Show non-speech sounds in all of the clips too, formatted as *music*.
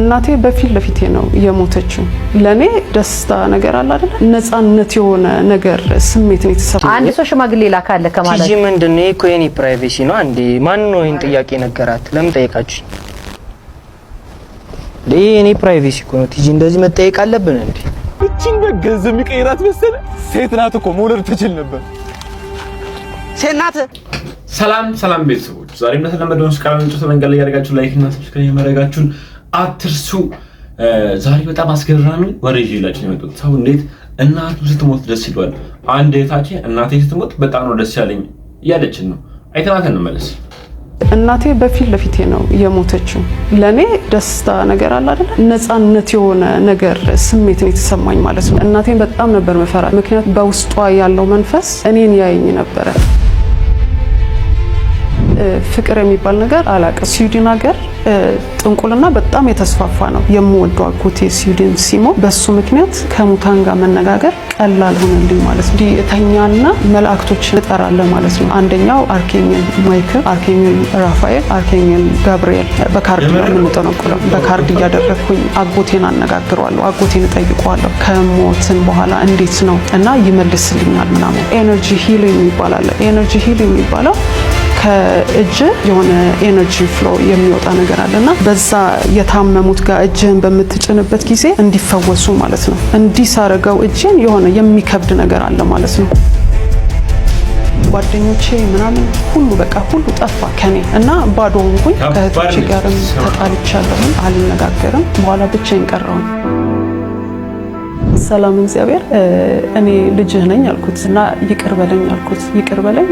እናቴ በፊት ለፊቴ ነው የሞተችው። ለእኔ ደስታ ነገር አለ አይደለ? ነጻነት የሆነ ነገር ስሜት ነው የተሰማኝ። አንድ ሰው ሽማግሌ ላካለ ከማለት ቲጂ ምንድን ነው እኮ የኔ ፕራይቬሲ ነው። አንዴ ማን ነው ይህን ጥያቄ ነገራት? ለምን ጠየቃችሁ? ይህ የኔ ፕራይቬሲ እኮ ነው። ቲጂ እንደዚህ መጠየቅ አለብን እንዴ? እቺን ገንዘብ የሚቀይራት መሰለ። ሴት ናት እኮ መውለድ ትችል ነበር። ሴት ናት። ሰላም ሰላም ቤተሰቦች፣ ዛሬም እንደተለመደው ስካላንጭ ተመንገል ያደርጋችሁ ላይክ እና ሰብስክራይብ ያደርጋችሁን አትርሱ። ዛሬ በጣም አስገራሚ ወሬ ይዤላችሁ የመጡት ሰው እንዴት እናቱ ስትሞት ደስ ይሏል። አንድ እህታችን እናቴ ስትሞት በጣም ነው ደስ ያለኝ እያለችን ነው። አይተናት እንመለስ። እናቴ በፊት ለፊቴ ነው የሞተችው። ለእኔ ደስታ ነገር አለ አይደለ? ነፃነት የሆነ ነገር ስሜት ነው የተሰማኝ ማለት ነው። እናቴን በጣም ነበር መፈራ፣ ምክንያቱም በውስጧ ያለው መንፈስ እኔን ያየኝ ነበረ። ፍቅር የሚባል ነገር አላውቅም። ስዊድን ሀገር ጥንቁልና በጣም የተስፋፋ ነው። የምወደው አጎቴ ስዊድን ሲሞ በሱ ምክንያት ከሙታን ጋር መነጋገር ቀላል ሆነልኝ ማለት ነው። የተኛና መላእክቶች እጠራለሁ ማለት ነው። አንደኛው አርኬኝን ማይክል፣ አርኬኝን ራፋኤል፣ አርኬኝን ገብርኤል በካርድ ነው የምንጠነቁለው። በካርድ እያደረግኩኝ አጎቴን አነጋግረዋለሁ፣ አጎቴን እጠይቀዋለሁ ከሞትን በኋላ እንዴት ነው እና ይመልስልኛል ምናምን። ኤነርጂ ሂሊንግ ይባላል። ኤነርጂ ሂሊንግ የሚባለው ከእጅ የሆነ ኤነርጂ ፍሎ የሚወጣ ነገር አለና በዛ የታመሙት ጋር እጅህን በምትጭንበት ጊዜ እንዲፈወሱ ማለት ነው። እንዲሳረገው እጅን የሆነ የሚከብድ ነገር አለ ማለት ነው። ጓደኞቼ ምናምን ሁሉ በቃ ሁሉ ጠፋ ከኔ እና ባዶ ሆንኩኝ። ከእህቶቼ ጋርም ተጣልቻለሁም፣ አልነጋገርም። በኋላ ብቻዬን ቀረሁኝ። ሰላም እግዚአብሔር እኔ ልጅህ ነኝ አልኩት እና ይቅር በለኝ አልኩት። ይቅር በለኝ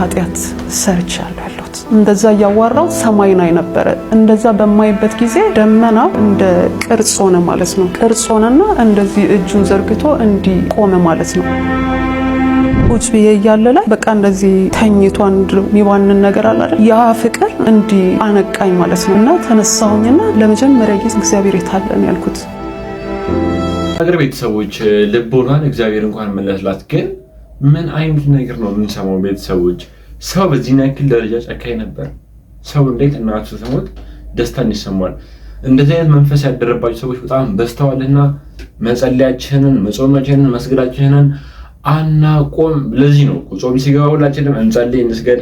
ኃጢአት ሰርቻለሁ ያለሁት እንደዛ እያዋራው ሰማይን አይ ነበረ። እንደዛ በማይበት ጊዜ ደመናው እንደ ቅርጽ ሆነ ማለት ነው። ቅርጽ ሆነና እንደዚህ እጁን ዘርግቶ እንዲህ ቆመ ማለት ነው። ቁጭ ብዬ እያለ ላይ በቃ እንደዚህ ተኝቶ አንድ የሚባንን ነገር አለ አይደል? ያ ፍቅር እንዲህ አነቃኝ ማለት ነው። እና ተነሳሁኝና ለመጀመሪያ ጊዜ እግዚአብሔር የታለን ያልኩት ሀገር ቤተሰቦች ልቦናን እግዚአብሔር እንኳን መለስላት ግን ምን አይነት ነገር ነው የምንሰማው? ቤተሰቦች ሰው በዚህን ያክል ደረጃ ጨካኝ ነበር። ሰው እንዴት እናቱ ስትሞት ደስታን ይሰማል። እንደዚህ አይነት መንፈስ ያደረባቸው ሰዎች በጣም በስተዋልና መጸለያችንን፣ መጾማችንን፣ መስገዳችንን አናቆም። ለዚህ ነው ጾም ሲገባ ሁላችንም እንጸልይ፣ እንስገድ፣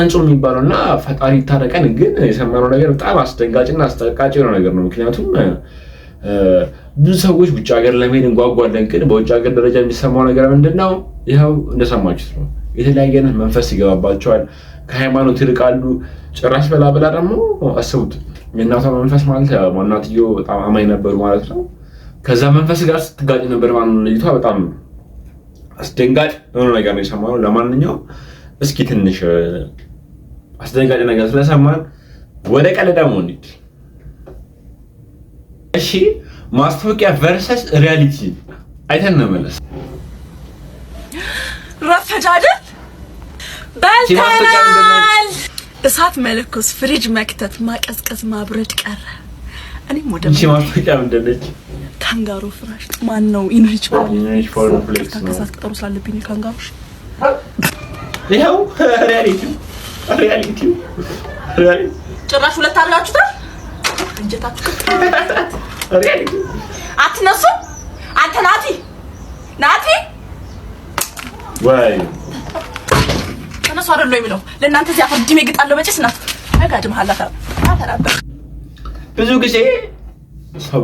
እንጹም የሚባለው እና ፈጣሪ ይታረቀን። ግን የሰማነው ነገር በጣም አስደንጋጭና አስጠቃጭ የሆነ ነገር ነው። ምክንያቱም ብዙ ሰዎች ውጭ ሀገር ለመሄድ እንጓጓለን። ግን በውጭ ሀገር ደረጃ የሚሰማው ነገር ምንድን ነው? ይኸው እንደሰማችሁት ነው። የተለያየ አይነት መንፈስ ይገባባቸዋል። ከሃይማኖት ይርቃሉ። ጭራሽ በላበላ ደግሞ አስቡት፣ የእናቷ መንፈስ ማለት እናትዮ በጣም አማኝ ነበሩ ማለት ነው። ከዛ መንፈስ ጋር ስትጋጭ ነበር ማለት ልጅቷ በጣም አስደንጋጭ የሆነ ነገር ነው የሰማነው። ለማንኛውም እስኪ ትንሽ አስደንጋጭ ነገር ስለሰማን ወደ ቀለዳ መሆንድ እሺ፣ ማስታወቂያ ቨርሰስ ሪያሊቲ አይተን እንመለስ። ረፈዳደ በልተናል። እሳት መለኮስ፣ ፍሪጅ መክተት፣ ማቀዝቀዝ፣ ማብረድ ቀረ። እኔም ወደ ካንጋሮ ፍራሽ ማን ነው? ኢንሪች ከሳት ቅጠሩ ስላለብኝ ካንጋሮ ይኸው ሪያሊቲው ሪያሊቲው ሪያሊቲ ጭራሽ ሁለት አድርጋችሁታል። አትነሱ። አንተ ናቲ ናቲ ወይ እነሱ አይደሉ የሚለው ለእናንተ እዚህ አፈር ድሜ ግጣለሁ በጭስ ናት ነጋድም ሀላታ አፈራበት ብዙ ጊዜ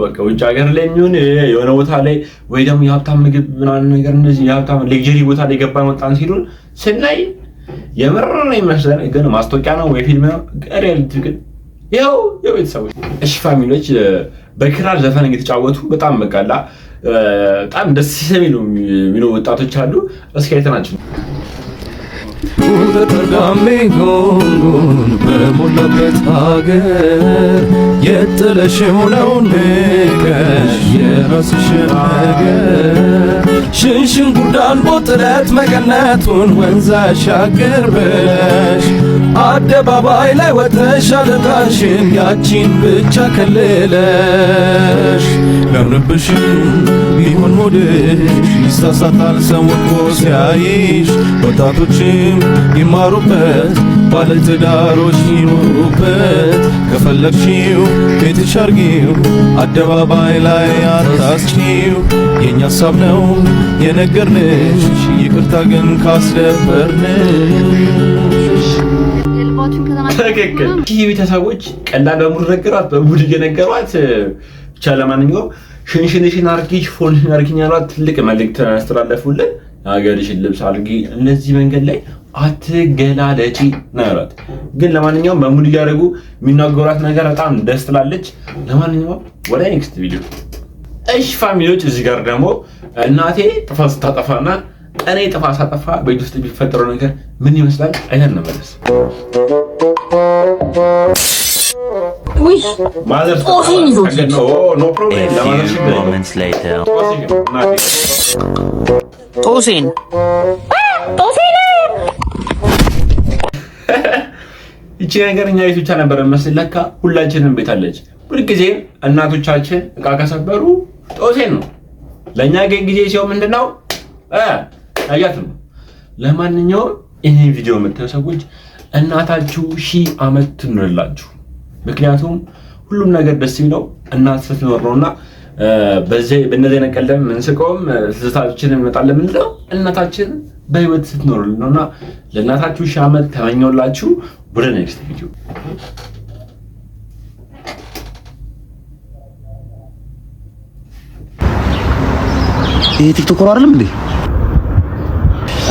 በቃ ውጭ ሀገር ላይ የሚሆን የሆነ ቦታ ላይ ወይ ደግሞ የሀብታም ምግብ ምናምን ነገር እንደዚህ የሀብታም ሌክጀሪ ቦታ ላይ ገባን ወጣን ሲሉን ስናይ የምር ነው ይመስለን፣ ግን ማስታወቂያ ነው ወይ ፊልም ነው። ሪያሊቲ ግን ይኸው የቤተሰቦች እሺ፣ ፋሚሊዎች በክራር ዘፈን እየተጫወቱ በጣም በቃላ በጣም ደስ የሚሉ ወጣቶች አሉ። እስኪ አይተናቸው ውጥረት ተርጋሚ ጉንጉን በሞላበት ሀገር የጥለሽው ነው ንቀሽ የራስሽን ነገር ሽንሽን ጉርዳን ቦጥረት መቀነቱን ወንዝ አሻገር ብለሽ አደባባይ ላይ ወጥተሽ አለቃሽን ያቺን ብቻ ከለለሽ። ለምንብሽ ቢሆን ሞድሽ ይሳሳታል ሰው እኮ ሲያይሽ ወጣቶችም ይማሩበት ባለትዳሮች ይኖሩበት ከፈለግሽው ቤትሽ አርጊው አደባባይ ላይ አታስጪው የእኛ ሀሳብ ነው የነገርንሽ ይቅርታ ግን ካስደፈርንሽ ሀሳባችሁን ትክክል። ይህ ቤተሰቦች ቀላል በሙድ ነገሯት፣ በሙድ እየነገሯት ብቻ። ለማንኛውም ሽንሽንሽን አርጊሽ ፎንሽን አርጊኝ ያሏት ትልቅ መልዕክት ያስተላለፉልን። የሀገርሽን ልብስ አርጊ፣ እነዚህ መንገድ ላይ አትገላለጪ ነው ያሏት። ግን ለማንኛውም በሙድ እያደረጉ የሚናገሯት ነገር በጣም ደስ ትላለች። ለማንኛውም ወደ ኔክስት ቪዲዮ። እሺ ፋሚሊዎች፣ እዚህ ጋር ደግሞ እናቴ ጥፋት ስታጠፋና እኔ ጥፋ ሳጠፋ በእጅ ውስጥ የሚፈጠረው ነገር ምን ይመስላል? አይተን እንመለስ። ጦሴን ይቺ ነገር እኛ ቤት ብቻ ነበር መስል፣ ለካ ሁላችንም ቤት አለች። ሁልጊዜም እናቶቻችን እቃ ከሰበሩ ጦሴን ነው። ለእኛ ግን ጊዜ ሲሆን ምንድን ነው አያት ነው። ለማንኛውም ይህን ቪዲዮ የምታዩ ሰዎች እናታችሁ ሺህ ዓመት ትኖርላችሁ። ምክንያቱም ሁሉም ነገር ደስ የሚለው እናት ስትኖር ነው እና በእነዚህ ነቀለም ምንስቀውም ስታችን እንመጣለን ምንለው እናታችን በህይወት ስትኖር ነው እና ለእናታችሁ ሺህ ዓመት ተመኘውላችሁ። ወደ ኔክስት ቪዲዮ ይሄ ቲክቶክ ነው አይደለም እንዴ?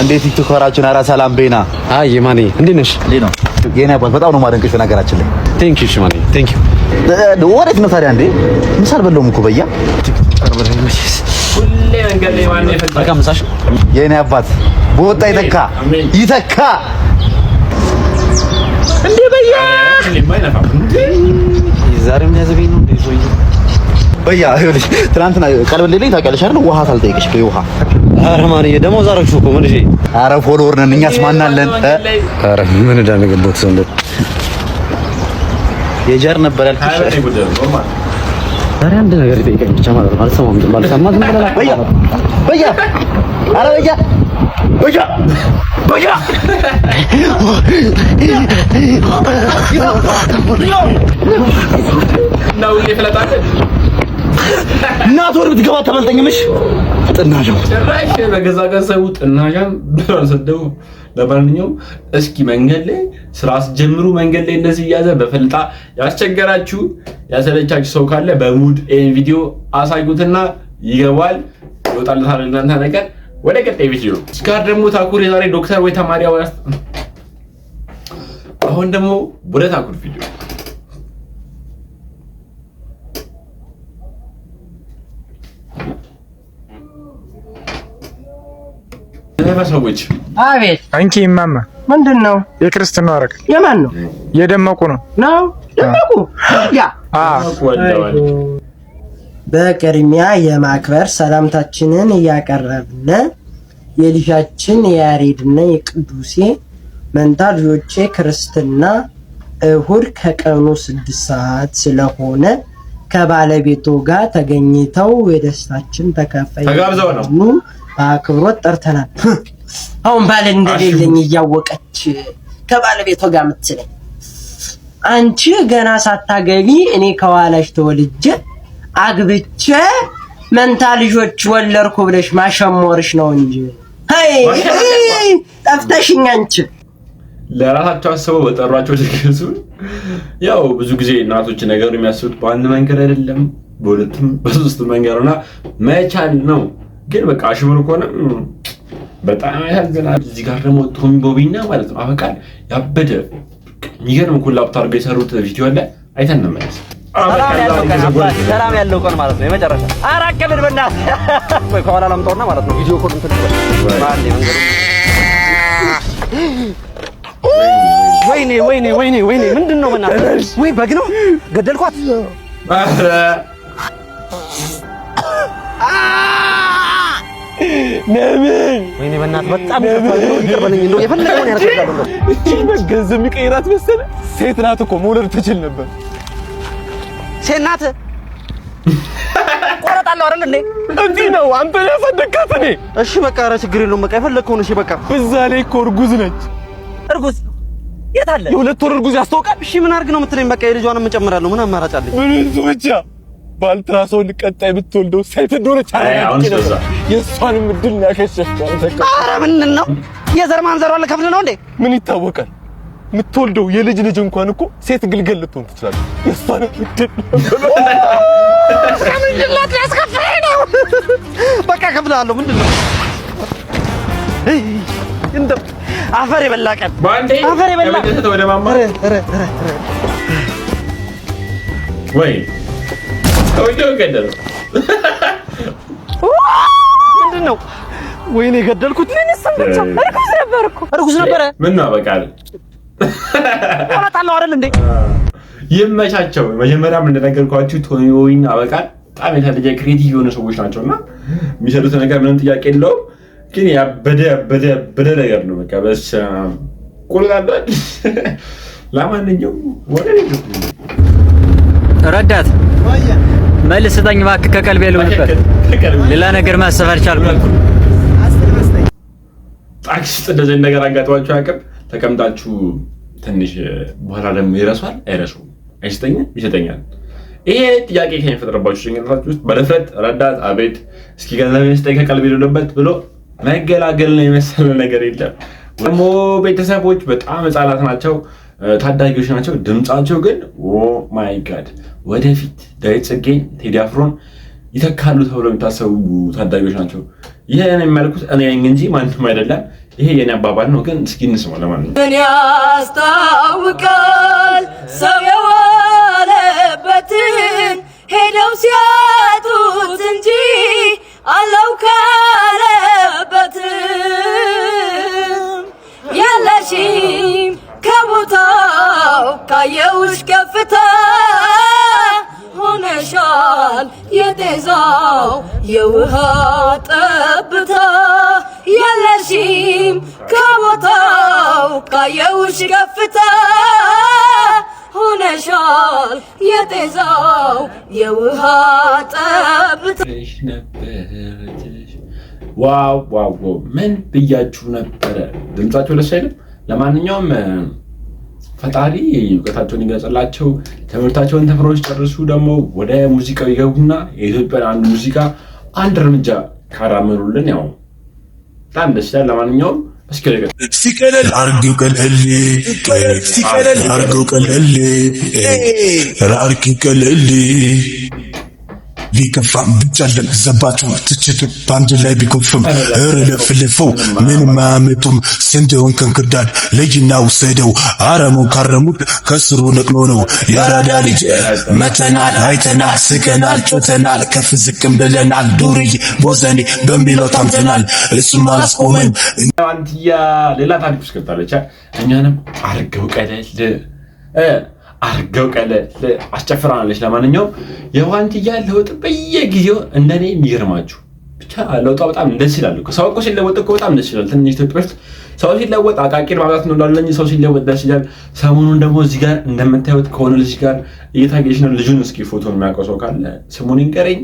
እንዴት ትኮራችን? ኧረ ሰላም ቤና። አይ የማኔ እንዴት ነሽ? የኔ አባት በጣም ነው ማደንቅሽ። በነገራችን ላይ ቴንክ ዩ ማኔ ቴንክ ዩ። ወዴት ነው ታዲያ? እንዴ ምሳ አልበላሁም እኮ በያ የኔ አባት በወጣ ይተካ ይተካ። እንዴ በያ ዛሬ ምን ያዘበኝ ነው? እንዴ ሰውዬ በያ ትናንትና ቀልብ እንደሌለኝ ታውቂያለሽ አይደል? ውሃ ሳልጠይቅሽ ውሃ አረ ማን የደሞዝ አረግሽው እኮ ምን? እሺ አረ ፎሎወር ነን እኛስ ማናለን? አረ ምን እንዳነገበት ሰንደ የጀር ነበር ያልኩሽ። ዛሬ አንድ ነገር ይጠይቀኝ ብቻ ማለት ነው። አልሰማም ዝም ባልሰማ ዝም ብለህ በያ በያ አረ በያ በያ በያ እናቱ ወር ብትገባ ተመልጠኝምሽ ጥናሻው ጭራሽ በገዛ ገንዘቡ ሰደቡ። ለማንኛውም እስኪ መንገድ ላይ ስራ አስጀምሩ። መንገድ ላይ እንደዚህ እያዘ ያስቸገራችሁ ያሰለቻችሁ ሰው ካለ በሙድ ይህን ቪዲዮ አሳዩትና ይገባል ይወጣልታል። እናንተ ነገር ወደ ቀጣይ ቪዲዮ ደግሞ ታኩር የዛሬ ዶክተር ወይ ተማሪ አሁን ደግሞ ወደ ታኩር ቪዲዮ ድሬበር ሰዎች አቤት። አንቺ ይማማ ምንድን ነው? የክርስትና ወረቅ የማን ነው? የደመቁ ነው ነው ደመቁ ያ በቅድሚያ የማክበር ሰላምታችንን እያቀረብን የልጃችን የያሬድና የቅዱሴ መንታ ልጆቼ ክርስትና እሁድ ከቀኑ ስድስት ሰዓት ስለሆነ ከባለቤቱ ጋር ተገኝተው የደስታችን ተካፋይ ተጋብዘው ነው በአክብሮት ጠርተናል። አሁን ባል እንደሌለኝ እያወቀች ከባለቤቷ ጋር የምትለኝ አንቺ ገና ሳታገቢ እኔ ከኋላሽ ተወልጄ አግብቼ መንታ ልጆች ወለድኩ ብለሽ ማሸሞርሽ ነው እንጂ ጠፍተሽኝ አንቺ ለራሳቸው አስበው በጠሯቸው ድግሱ ያው ብዙ ጊዜ እናቶች ነገር የሚያስቡት በአንድ መንገድ አይደለም፣ በሁለትም በሶስት መንገድ ሆና መቻል ነው። ግን በቃ አሽሙር ከሆነ በጣም ያዝናል። እዚህ ጋር ደግሞ ቶሚ ቦቢና ማለት ነው አበቃል ያበደ የሚገርም ኮላፕት አድርገው የሰሩት ቪዲዮ አለ አይተን እንመለስ። ሰላም ያለው ቀን ማለት ነው የመጨረሻ ወይ *laughs* ከኋላ ላምጣውና ማለት ነው ቪዲዮ *gasps* ወይኔ ወይኔ ወይኔ ወይኔ ምንድን ነው በእናትህ ወይ በግ ነው ገደልኳት ለምን ወይኔ፣ በእናትህ በጣም ይቀርበልኝ። እንደው የፈለገውን የሚቀይራት መሰለ። ሴት ናት እኮ መውለድ ትችል ነበር። ሴት ናት ቆረጣለሁ አይደል እንዴ? እንዲህ ነው አንተ ያሳደግካት እኔ። እሺ በቃ ኧረ ችግር የለውም በቃ የፈለግከውን እሺ በቃ። በዛ ላይ እኮ እርጉዝ ነች። እርጉዝ የት አለ? የሁለት ወር እርጉዝ ያስታውቃል። እሺ ምን አድርግ ነው የምትለኝ? በቃ የልጇንም እጨምራለሁ። ምን አማራጭ አለኝ? ምን ብቻ ባልትራሶን ቀጣይ ብትወልደው ሳይት እንደሆነች የእሷንም እድል ያከሸፍከው አረ ምን ነው የዘር ማንዘሯን ልከፍል ነው እንዴ ምን ይታወቃል የምትወልደው የልጅ ልጅ እንኳን እኮ ሴት ግልገል ልትሆን ትችላለች የእሷን እድል ከምንድን ነው በቃ ከፍላለሁ ምንድን ነው እንደው አፈር የበላ ቀን አፈር የበላ ወይ ምንድን ነው? ወይኔ የገደልኩት እርኩስ ነበር እኮ እርኩስ ነበረ። ምነው በቃ እውነት አይደል እንዴ? ይመቻቸው። መጀመሪያም እንደነገርኳችሁ ቶኒዮን አበቃል። በጣም የተለየ ክሬቲቭ የሆነ ሰዎች ናቸው እና የሚሰሩት ነገር ምንም ጥያቄ የለውም። ግን ያበደ ያበደ ያበደ ነገር ነው። በቃ በስ ቆልላሏል። ለማንኛውም ወደ ረዳት መልስ ስጠኝ እባክህ። ከቀልቤ ልው ነበር፣ ሌላ ነገር ማሰብ አልቻልኩም። ታክሲ ውስጥ እንደዚህ ነገር አጋጥሟችሁ አያውቅም? ተቀምጣችሁ ትንሽ በኋላ ደግሞ ይረሷል። አይረሱም፣ አይሰጠኝም፣ ይሰጠኛል። ይሄ ጥያቄ ከሚፈጥረባችሁ ጭንቅላታችሁ ውስጥ በድፍረት ረዳት አቤት እስኪ ገንዘብ ይስጠኝ ከቀልቤ ልውልበት ብሎ መገላገል ነው የመሰለ ነገር የለም። ደግሞ ቤተሰቦች በጣም ህጻናት ናቸው። ታዳጊዎች ናቸው። ድምፃቸው ግን ኦ ማይ ጋድ ወደፊት ዳዊት ጽጌን፣ ቴዲ አፍሮን ይተካሉ ተብሎ የሚታሰቡ ታዳጊዎች ናቸው። ይህን የሚያልኩት እኔ ነኝ እንጂ ማንም አይደለም። ይሄ የኔ አባባል ነው፣ ግን እስኪ እንስማው። ለማንኛውም ምን ያስታውቃል ሰው የዋለበትን ጤዛው የውሃ ጠብታሽ ነበረች። ዋው ዋው ምን ብያችሁ ነበረ? ድምጻቸው ደስ አይልም? ለማንኛውም ፈጣሪ እውቀታቸውን ይገለጽላቸው፣ ትምህርታቸውን ተምረው ሲጨርሱ ደግሞ ወደ ሙዚቃው ይገቡና የኢትዮጵያን አንድ ሙዚቃ አንድ እርምጃ ካራመሩልን ያው በጣም ደስ ይላል። ለማንኛውም ሲቀለል አርጊው ቀለል ሲቀለል አርጊው ቀለል አርጊው ቀለል ሊከፋም ብቻለን ዘባቸው ትችትም በአንድ ላይ ቢኮፍም እር ለፍልፈው ምን ማያመጡም ስንዴውን ከእንክርዳድ ልጅና ውሰደው አረሙ ካረሙት ከስሩ ነቅሎ ነው የአራዳ ልጅ መተናል፣ አይተናል፣ ስከናል፣ ጮተናል፣ ከፍ ዝቅም ብለናል። ዱርዬ ቦዘኔ በሚለው ታምተናል። እሱም አላስቆመን። አንትያ ሌላ ታሪክ ውስጥ ገብታለች። እኛንም አርገው ቀለል አርገው ቀለ አስጨፍራናለች። ለማንኛውም የዋንትያ ለውጥ በየጊዜው እንደኔ የሚገርማችሁ ብቻ ለውጣ በጣም ደስ ይላል። ሰው እኮ ሲለወጥ እኮ በጣም ደስ ይላል። ትንሽ ኢትዮጵያ ውስጥ ሰው ሲለወጥ አቃቂር ማብዛት ነው እንዳለኝ ሰው ሲለወጥ ደስ ይላል። ሰሞኑን ደግሞ እዚህ ጋር እንደምታዩት ከሆነ ልጅ ጋር እየታገች ነው። ልጁን እስኪ ፎቶ የሚያውቀው ሰው ካለ ስሙን ይንገረኝ።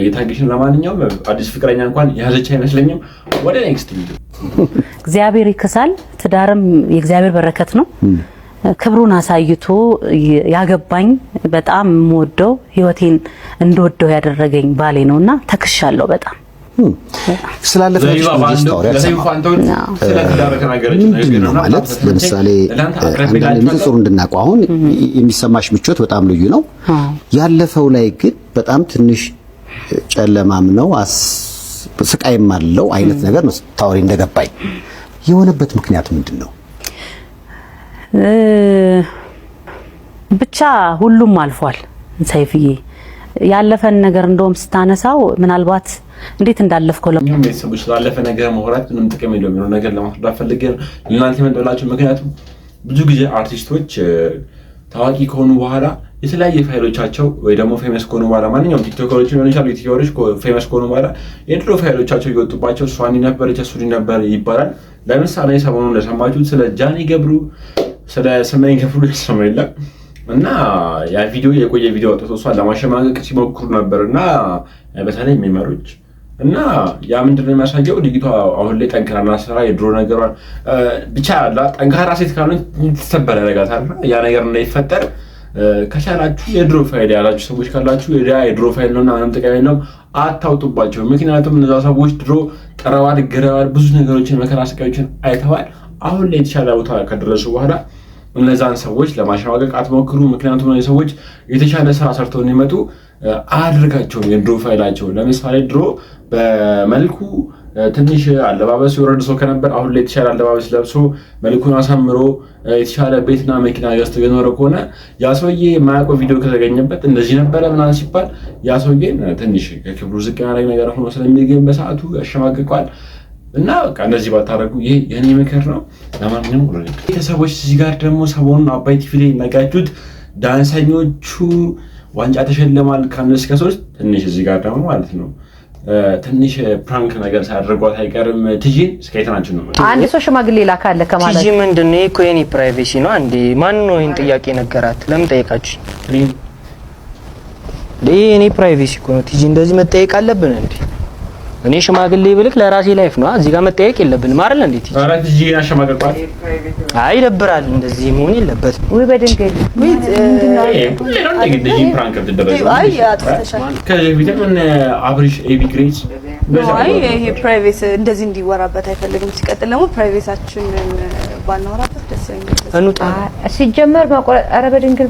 እየታገች ነው። ለማንኛውም አዲስ ፍቅረኛ እንኳን የያዘች አይመስለኝም። ወደ ኔክስት *laughs* እግዚአብሔር ይክሳል። ትዳርም የእግዚአብሔር በረከት ነው። ክብሩን አሳይቶ ያገባኝ በጣም የምወደው ህይወቴን እንደወደው ያደረገኝ ባሌ ነው እና ተክሻለሁ በጣም ስላለፈችው ማለት ለምሳሌ አንዳንድ ጊዜ ጥሩ አሁን የሚሰማሽ ምቾት በጣም ልዩ ነው። ያለፈው ላይ ግን በጣም ትንሽ ጨለማም ነው ስቃይም አለው አይነት ነገር ነው ታወሪ እንደገባኝ የሆነበት ምክንያት ምንድን ነው? ብቻ ሁሉም አልፏል። ሰይፍዬ ያለፈን ነገር እንደውም ስታነሳው ምናልባት እንዴት እንዳለፍከው ቤተሰቦች ስላለፈ ነገር ማውራት ምንም ጥቅም የለውም። የሚለው ነገር ለማስረዳት ፈልጌ ለእናንተ የምንደላቸው። ምክንያቱም ብዙ ጊዜ አርቲስቶች ታዋቂ ከሆኑ በኋላ የተለያየ ፋይሎቻቸው ወይ ደግሞ ፌመስ ከሆኑ በኋላ ማንኛውም ቲክቶከሮች ሊሆን ይችላሉ። ዩቲዩበሮች ፌመስ ከሆኑ በኋላ የድሮ ፋይሎቻቸው እየወጡባቸው እሷ እንዲህ ነበረች እሱ እንዲህ ነበር ይባላል። ለምሳሌ ሰሞኑን እንደሰማችሁት ስለ ጃኒ ገብሩ ስለ ስመኝ ከፍሉ የተሰማ የለም እና ያ ቪዲዮ የቆየ ቪዲዮ አውጥቶ እሷን ለማሸማቀቅ ሲሞክሩ ነበር እና በተለይ የሚመሮች እና ያ ምንድነው የሚያሳየው ልጅቷ አሁን ላይ ጠንክራና ስራ የድሮ ነገሯን ብቻ ያላ ጠንካራ ሴት ካልሆነች ትሰበር ያደርጋታል ያ ነገር እንዳይፈጠር ከቻላችሁ የድሮ ፋይል ያላችሁ ሰዎች ካላችሁ የድሮ ፋይል ነው እና ምንም ጠቃሚ ነው አታውጡባቸው ምክንያቱም እነዛ ሰዎች ድሮ ጥረዋል ግረዋል ብዙ ነገሮችን መከራ ስቃዮችን አይተዋል አሁን ላይ የተሻለ ቦታ ከደረሱ በኋላ እነዛን ሰዎች ለማሸማቀቅ አትሞክሩ። ምክንያቱም እነዚህ ሰዎች የተሻለ ስራ ሰርተው እንዲመጡ አያደርጋቸውም። የድሮ ፋይላቸው ለምሳሌ ድሮ በመልኩ ትንሽ አለባበሱ የወረደ ሰው ከነበር አሁን ላይ የተሻለ አለባበስ ለብሶ መልኩን አሳምሮ የተሻለ ቤትና መኪና ገዝቶ የኖረ ከሆነ ያሰውዬ ሰውዬ ቪዲዮ ከተገኘበት እንደዚህ ነበረ ምናምን ሲባል ያሰውዬን ትንሽ ከክብሩ ዝቅ ያደረግ ነገር ሆኖ ስለሚገኝ በሰዓቱ ያሸማቅቋል። እና በቃ እንደዚህ ባታደርጉ ይህ የኔ ምክር ነው። ለማንኛውም ብሎ ቤተሰቦች እዚህ ጋር ደግሞ ሰሞኑን አባይ ቲቪ ላይ ነጋችሁት ዳንሰኞቹ ዋንጫ ተሸልማል ከአንድ እስከ ሶስት ትንሽ እዚህ ጋር ደግሞ ማለት ነው ትንሽ ፕራንክ ነገር ሳያደርጓት አይቀርም። ትጂ እስከየት ነው አንድ ሰው ሽማግሌ ላካለ ከማለት ትጂ ምንድን ነው እኮ የኔ ፕራይቬሲ ነው። አንዴ ማን ነው ይህን ጥያቄ ነገራት? ለምን ጠየቃችሁ? ይህ የኔ ፕራይቬሲ እኮ ነው። ትጂ እንደዚህ መጠየቅ አለብን እንዴ? እኔ ሽማግሌ ብልክ ለራሴ ላይፍ ነው። እዚህ ጋር መጠየቅ የለብንም አይደል? እንዴት አይ ይደብራል። እንደዚህ መሆን የለበትም እንደዚህ እንዲወራበት አይፈልግም። ሲቀጥል ደግሞ ፕራይቬታችንን ባናወራበት ደስ ይለኛል። እንውጣ ሲጀመር መቆረጥ ኧረ በድንግል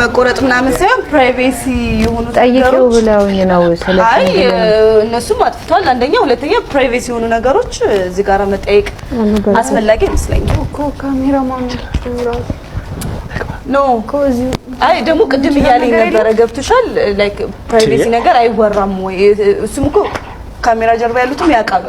መቆረጥ ምናምን ሳይሆን ፕራይቬሲ የሆኑ ጠይቄው ብለውኝ ነው። እነሱም አጥፍቷል። አንደኛ፣ ሁለተኛ ፕራይቬሲ የሆኑ ነገሮች እዚህ ጋር መጠየቅ አስፈላጊ አይ ደግሞ ቅድም እያለኝ ነበረ። ገብቶሻል? ላይክ ፕራይቬሲ ነገር አይወራም ወይ? እሱም እኮ ካሜራ ጀርባ ያሉትም ያውቃሉ።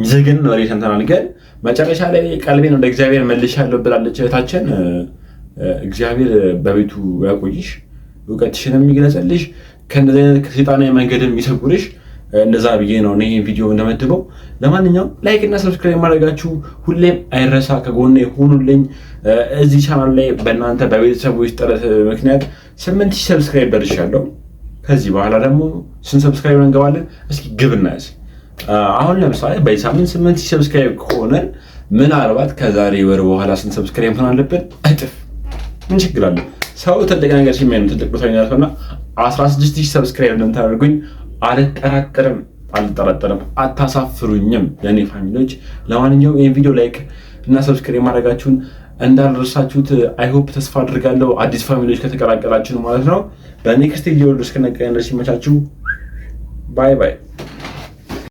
ሚዘግን ወሬ ሰምተናል። ግን መጨረሻ ላይ ቀልቤን ወደ እግዚአብሔር መልሻለሁ ብላለች እህታችን። እግዚአብሔር በቤቱ ያቆይሽ፣ እውቀትሽን የሚገለጽልሽ፣ ከእንደዚህ አይነት ሰይጣናዊ መንገድም የሚሰጉርሽ። እንደዛ ብዬ ነው እኔ ቪዲዮ እንደመድበው። ለማንኛውም ላይክ እና ሰብስክራይብ ማድረጋችሁ ሁሌም አይረሳ፣ ከጎኔ ሆኑልኝ። እዚህ ቻናል ላይ በእናንተ በቤተሰቦች ጥረት ምክንያት ስምንት ሺህ ሰብስክራይብ ደርሻለሁ። ከዚህ በኋላ ደግሞ ስንት ሰብስክራይብ እንገባለን? እስኪ ግብ እናያዝ። አሁን ለምሳሌ በሳምንት ሳምንት ስምንት ሰብስክራይብ ከሆነን ምናልባት ከዛሬ ወር በኋላ ስንት ሰብስክራይብ መሆን አለብን? እጥፍ። ምን ችግር አለ? ሰው ትልቅ ነገር ሲመኝ ነው ትልቅ ቦታ ነው እና 16 ሺህ ሰብስክራይብ እንደምታደርጉኝ አልጠራጠርም፣ አልጠራጠርም። አታሳፍሩኝም የእኔ ፋሚሊዎች። ለማንኛውም ይህ ቪዲዮ ላይክ እና ሰብስክራይብ ማድረጋችሁን እንዳልረሳችሁት አይሆፕ ተስፋ አድርጋለሁ። አዲስ ፋሚሊዎች ከተቀላቀላችሁን ማለት ነው። በኔክስት ቪዲዮ እስክንገናኝ ድረስ ይመቻችሁ። ባይ ባይ።